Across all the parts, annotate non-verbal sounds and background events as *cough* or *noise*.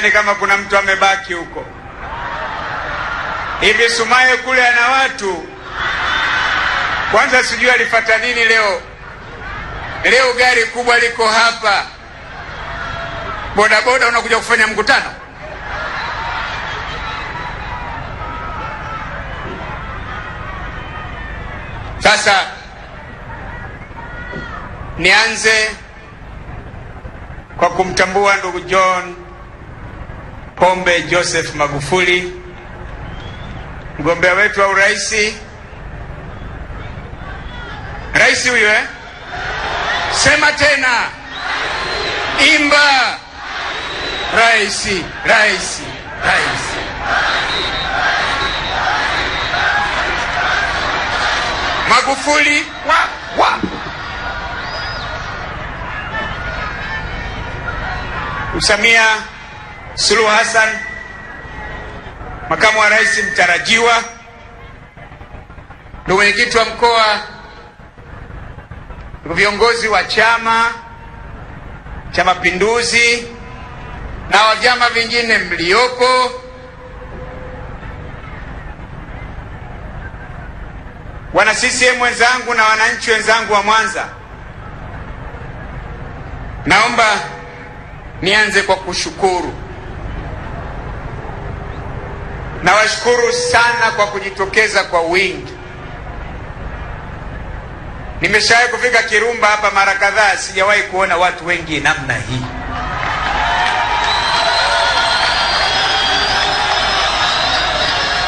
Sidhani kama kuna mtu amebaki huko. Hivi Sumaye kule ana watu kwanza, sijui alifata nini leo. Leo gari kubwa liko hapa, bodaboda unakuja kufanya mkutano. Sasa nianze kwa kumtambua ndugu John Pombe Joseph Magufuli, mgombea wetu wa urais. Rais huyu eh? Sema tena, imba rais, rais, rais. Magufuli wa, wa. Usamia Suluhu Hassan, makamu wa rais mtarajiwa, ndugu mwenyekiti wa mkoa, ndugu viongozi wa Chama cha Mapinduzi na wa vyama vingine mliopo, wana CCM wenzangu na wananchi wenzangu wa Mwanza, naomba nianze kwa kushukuru Nawashukuru sana kwa kujitokeza kwa wingi. Nimeshawahi kufika Kirumba hapa mara kadhaa, sijawahi kuona watu wengi namna hii.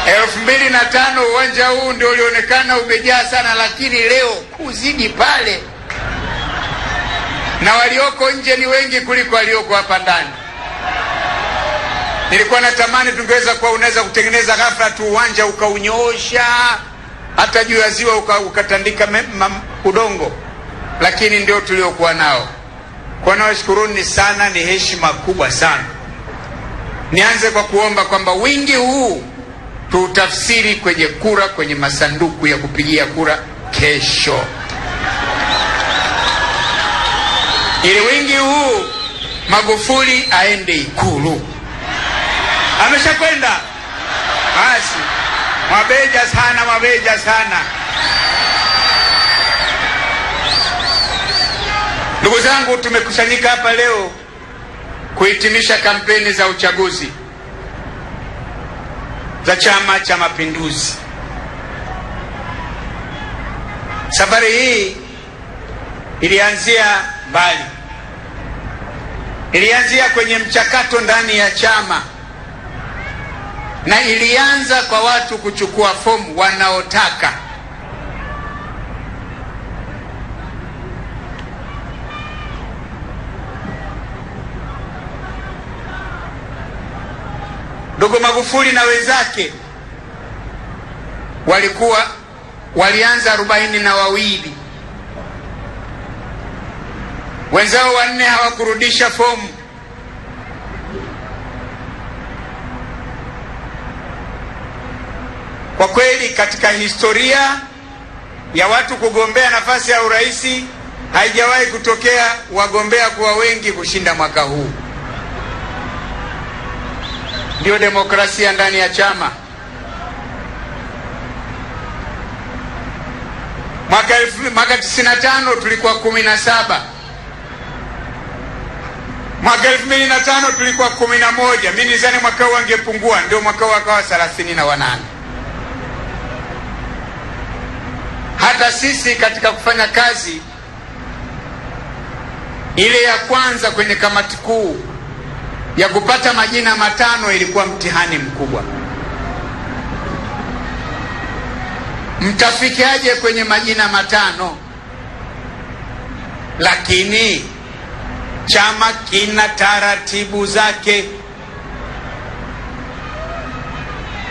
elfu mbili na tano uwanja huu ndio ulionekana umejaa sana, lakini leo kuzidi pale, na walioko nje ni wengi kuliko walioko hapa ndani. Nilikuwa natamani tungeweza kuwa unaweza kutengeneza ghafla tu uwanja ukaunyoosha hata juu ya ziwa uka, ukatandika udongo, lakini ndio tuliokuwa nao. Kwa nawashukuruni sana, ni heshima kubwa sana. Nianze kwa kuomba kwamba wingi huu tuutafsiri kwenye kura, kwenye masanduku ya kupigia kura kesho, ili wingi huu Magufuli aende Ikulu. Ameshakwenda basi. Mwabeja sana, mwabeja sana. Ndugu zangu, tumekusanyika hapa leo kuhitimisha kampeni za uchaguzi za Chama cha Mapinduzi. Safari hii ilianzia mbali, ilianzia kwenye mchakato ndani ya chama na ilianza kwa watu kuchukua fomu wanaotaka. Ndugu Magufuli na wenzake walikuwa walianza arobaini na wawili, wenzao wanne hawakurudisha fomu. Kwa kweli katika historia ya watu kugombea nafasi ya urais haijawahi kutokea wagombea kuwa wengi kushinda mwaka huu. ndio demokrasia ndani ya chama. Mwaka mwaka tano tulikuwa saba mwaka tano tulikuwa moja mi nizani mwaka huu angepungua, ndio mwaka huu akawa 38. Hata sisi katika kufanya kazi ile ya kwanza kwenye kamati kuu ya kupata majina matano ilikuwa mtihani mkubwa. Mtafikiaje kwenye majina matano? Lakini chama kina taratibu zake.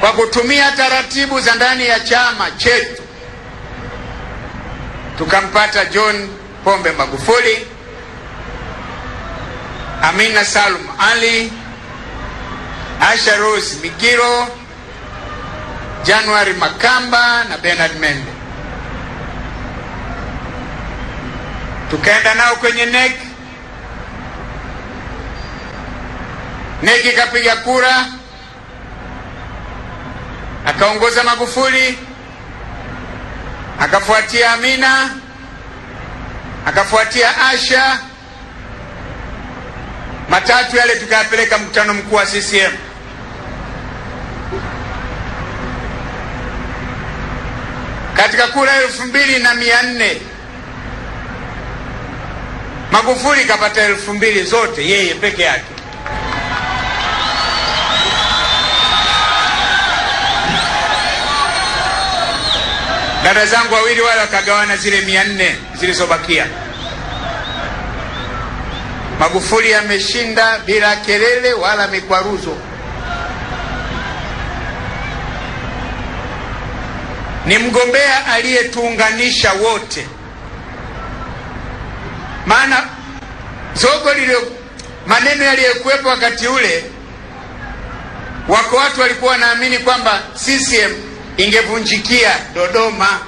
Kwa kutumia taratibu za ndani ya chama chetu tukampata John Pombe Magufuli, Amina Salum Ali, Asha Rose Migiro, January Makamba na Bernard Membe. Tukaenda nao kwenye NEC. NEC ikapiga kura, akaongoza Magufuli akafuatia Amina, akafuatia Asha. Matatu yale tukayapeleka mkutano mkuu wa CCM. Katika kura elfu mbili na mia nne Magufuli kapata elfu mbili zote yeye peke yake. dada zangu wawili wale wakagawana zile mia nne zilizobakia. Magufuli ameshinda bila kelele wala mikwaruzo. Ni mgombea aliyetuunganisha wote, maana zogo lile, maneno yaliyokuwepo wakati ule, wako watu walikuwa wanaamini kwamba CCM ingevunjikia Dodoma,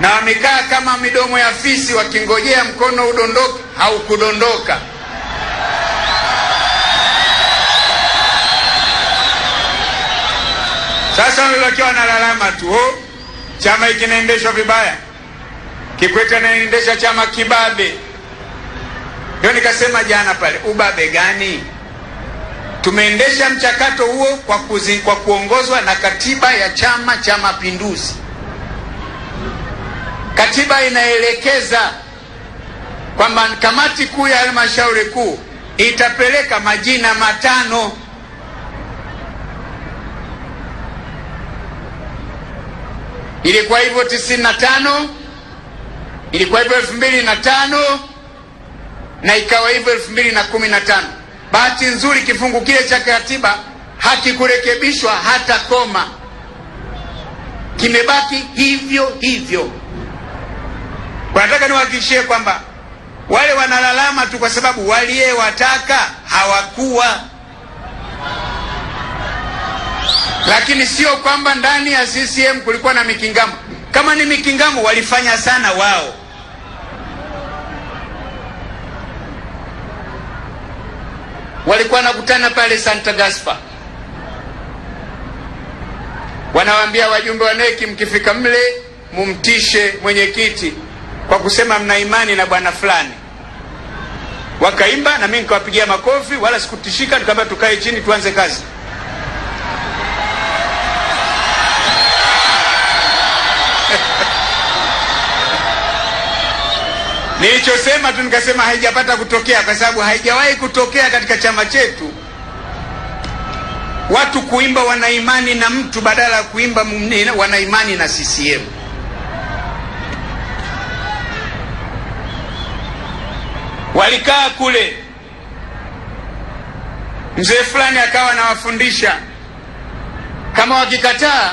na wamekaa kama midomo ya fisi wakingojea mkono udondoke, haukudondoka. Sasa walilokiwa wanalalama tu, oh, chama hiki kinaendeshwa vibaya, Kikwete anaendesha chama kibabe. Ndio nikasema jana pale, ubabe gani? Tumeendesha mchakato huo kwa, kuzi, kwa kuongozwa na katiba ya Chama cha Mapinduzi. Katiba inaelekeza kwamba kamati kuu ya halmashauri kuu itapeleka majina matano. Ilikuwa hivyo tisini na tano, ilikuwa hivyo elfu mbili na tano na ikawa hivyo elfu mbili na kumi na tano. Bahati nzuri kifungu kile cha katiba hakikurekebishwa hata koma, kimebaki hivyo hivyo. Nataka niwahakikishie kwamba wale wanalalama tu kwa sababu waliyewataka hawakuwa, lakini sio kwamba ndani ya CCM kulikuwa na mikingamo. Kama ni mikingamo, walifanya sana wao. walikuwa nakutana pale Santa Gaspar, wanawaambia wajumbe wa neki, mkifika mle mumtishe mwenyekiti kwa kusema mna imani na bwana fulani. Wakaimba na mimi nikawapigia makofi, wala sikutishika, tukaamba tukae chini tuanze kazi. Nilichosema tu nikasema haijapata kutokea kwa sababu haijawahi kutokea katika chama chetu watu kuimba wanaimani na mtu badala ya kuimba wanaimani na CCM. Walikaa kule, mzee fulani akawa anawafundisha kama wakikataa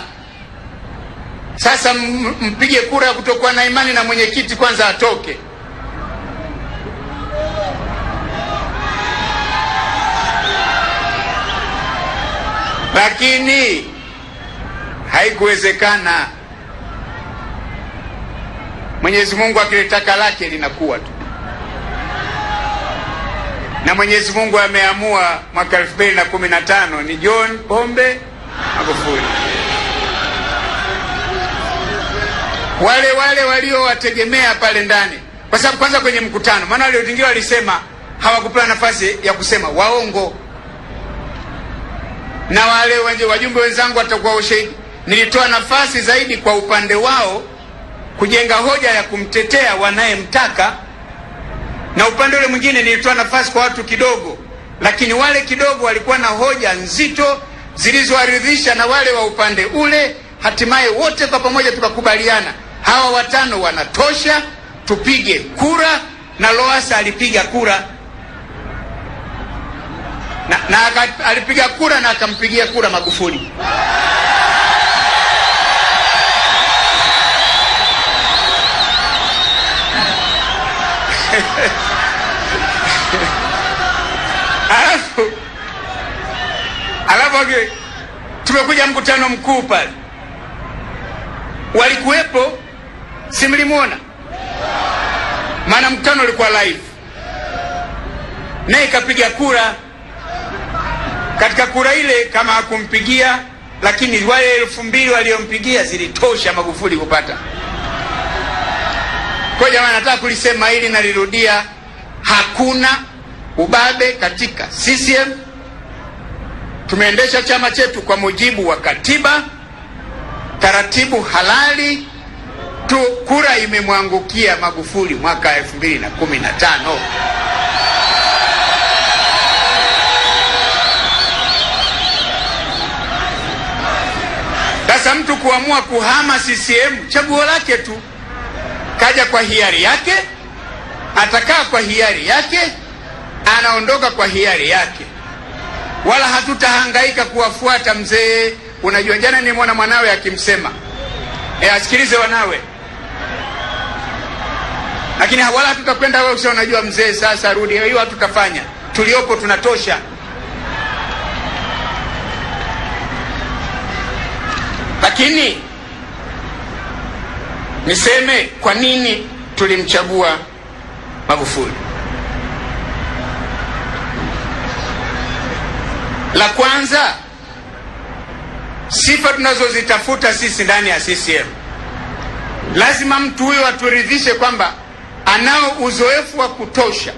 sasa, mpige kura ya kutokuwa na imani na mwenyekiti kwanza atoke. lakini haikuwezekana. Mwenyezi Mungu akilitaka lake linakuwa tu, na Mwenyezi Mungu ameamua mwaka na tano ni John Pombe Magufuli. Wale wale waliowategemea pale ndani, kwa sababu kwanza kwenye mkutano, maana waliotingia walisema hawakupewa nafasi ya kusema, waongo na wale wajumbe wenzangu watakuwa ushahidi. Nilitoa nafasi zaidi kwa upande wao kujenga hoja ya kumtetea wanayemtaka, na upande ule mwingine nilitoa nafasi kwa watu kidogo, lakini wale kidogo walikuwa na hoja nzito zilizoaridhisha na wale wa upande ule. Hatimaye wote kwa pamoja tukakubaliana hawa watano wanatosha, tupige kura, na Lowassa alipiga kura na, na alipiga kura na akampigia kura Magufuli. *laughs* Alafu alafu tumekuja mkutano mkuu pale, walikuwepo, si mlimwona? Maana mkutano ulikuwa live, naye ikapiga kura katika kura ile kama hakumpigia, lakini wale elfu mbili waliompigia zilitosha Magufuli kupata. Kwa jamani, nataka kulisema hili, nalirudia, hakuna ubabe katika CCM. Tumeendesha chama chetu kwa mujibu wa katiba, taratibu halali tu. Kura imemwangukia Magufuli mwaka elfu mbili na kumi na tano. Sasa mtu kuamua kuhama CCM chaguo lake tu, kaja kwa hiari yake, atakaa kwa hiari yake, anaondoka kwa hiari yake, wala hatutahangaika kuwafuata. Mzee unajua, jana mwana mwanawe akimsema e, asikilize wanawe, lakini wala hatutakwenda wewe, unajua mzee, sasa rudi hiyo, hatutafanya tuliopo tunatosha. lakini niseme kwa nini tulimchagua Magufuli. La kwanza, sifa tunazozitafuta sisi ndani ya CCM, lazima mtu huyo aturidhishe kwamba anao uzoefu wa kutosha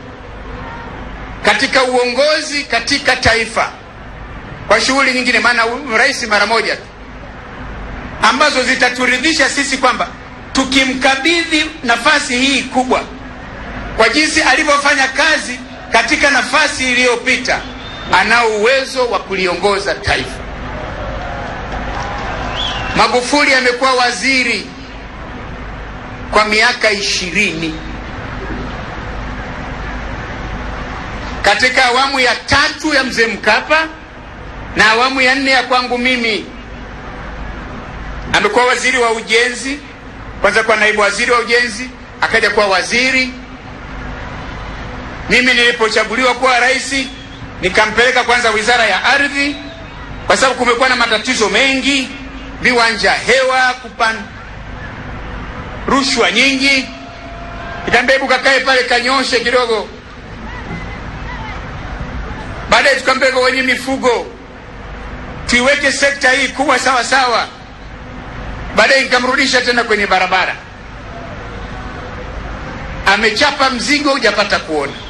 katika uongozi katika taifa, kwa shughuli nyingine, maana rais mara moja tu ambazo zitaturidhisha sisi kwamba tukimkabidhi nafasi hii kubwa kwa jinsi alivyofanya kazi katika nafasi iliyopita, anao uwezo wa kuliongoza taifa. Magufuli amekuwa waziri kwa miaka ishirini. Katika awamu ya tatu ya mzee Mkapa na awamu ya nne ya kwangu mimi amekuwa waziri wa ujenzi, kwanza kwa naibu waziri wa ujenzi, akaja kuwa waziri. Mimi nilipochaguliwa kuwa rais nikampeleka kwanza wizara ya ardhi, kwa sababu kumekuwa na matatizo mengi, viwanja hewa, kupan rushwa nyingi. Nikaambia hebu kakae pale kanyoshe kidogo. Baadaye tukampeleka kwenye mifugo, tuiweke sekta hii kubwa sawa sawa baadaye nikamrudisha tena kwenye barabara, amechapa mzigo, hujapata kuona.